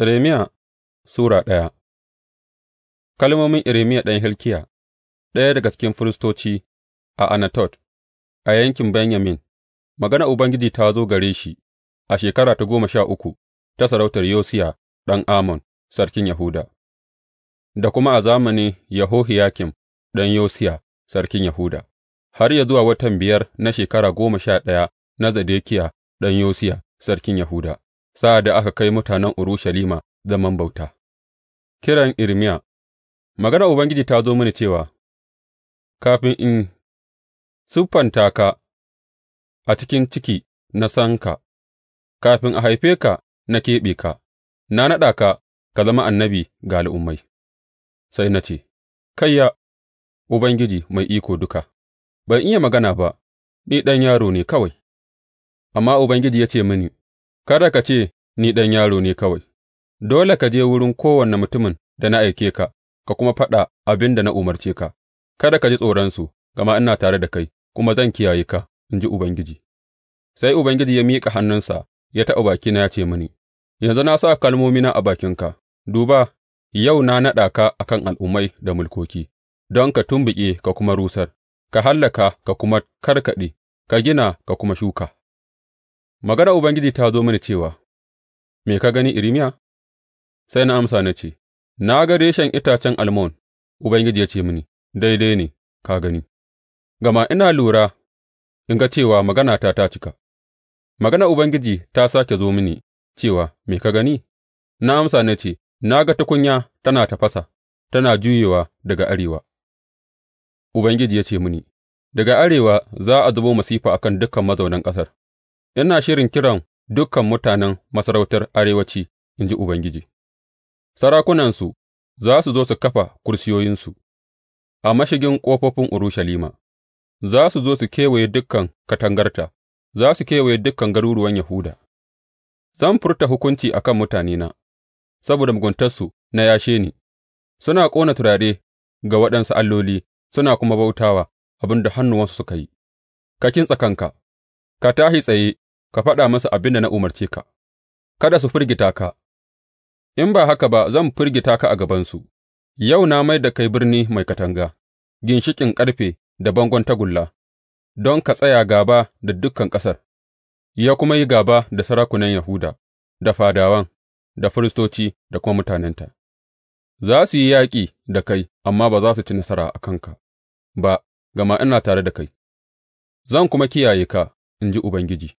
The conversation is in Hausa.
Irmiya Sura ɗaya Kalmomin Irmiya ɗan Hilkiya, ɗaya daga cikin firistoci a Anatot, a yankin Benyamin, magana Ubangiji ta zo gare shi a shekara ta goma sha uku ta sarautar Yosiya ɗan Amon, sarkin Yahuda, da kuma a zamanin Yahohiyakim ɗan Yosiya, sarkin Yahuda, har ya zuwa watan biyar na shekara goma sha ɗaya na Zedekiya ɗan Yosiya, sarkin Yahuda. sa'ad da aka kai mutanen Urushalima zaman bauta. Kiran Irmiya Maganar Ubangiji ta zo mini cewa, Kafin in siffanta ka a cikin ciki na san ka, kafin a haife ka na keɓe ka, na naɗa ka ka zama annabi ga al'ummai. Sai na ce, Kayya, Ubangiji mai iko duka, ban iya magana ba, ni ɗan yaro ne kawai, amma Ubangiji ya ce mini. Kada ka ce, Ni ɗan yaro ne kawai; dole ka je wurin kowane mutumin da na aike ka ka kuma faɗa abin da na umarce ka. Kada ka ji tsoronsu, gama ina tare da kai kuma zan kiyaye ka, in ji Ubangiji. Sai Ubangiji ya miƙa hannunsa ya taɓa bakina ya ce mini, Yanzu na sa kalmomina a bakinka; duba, yau na naɗa ka a kan al'ummai da mulkoki, don ka tumbuƙe ka kuma rusar, ka hallaka ka kuma karkaɗe, ka gina ka kuma shuka. Maganar Ubangiji ta zo mini cewa, Me ka gani, Irimiya?" Sai na amsa na ce, Na ga reshen itacen almon, Ubangiji ya ce mini, Daidai ne, ka gani, gama ina lura in ga cewa maganata ta cika. Maganar Ubangiji ta sake zo mini cewa, Me ka gani? Na amsa na ce, Na ga tukunya tana tafasa, tana juyewa daga arewa. Ubangiji ya ce mini, Daga arewa za a zubo masifa a kan dukan mazaunan ƙasar. Ina shirin kiran dukan mutanen masarautar Arewaci in ji Ubangiji, sarakunansu za su zo su kafa kursiyoyinsu a mashigin ƙofofin Urushalima, za su zo su kewaye dukan katangarta, za su kewaye dukan garuruwan Yahuda. Zan furta hukunci a kan mutanena, saboda muguntarsu na yashe ni, suna ƙona turare ga waɗansu alloli suna kuma bautawa abin da hannuwansu suka yi, ka kintsa kanka, ka tashi tsaye. ka faɗa musu abin da na umarce ka, kada su firgita ka, in ba haka ba zan firgita ka a gabansu, yau na mai da kai birni mai katanga, ginshiƙin ƙarfe da bangon tagulla, don ka tsaya gaba da dukan ƙasar, ya kuma yi gaba da sarakunan Yahuda, da fadawan, da firistoci da kuma mutanenta. Za su yi yaƙi da kai, amma ba za su ci nasara a kanka ba, gama ina tare da kai, zan kuma kiyaye ka, in ji Ubangiji.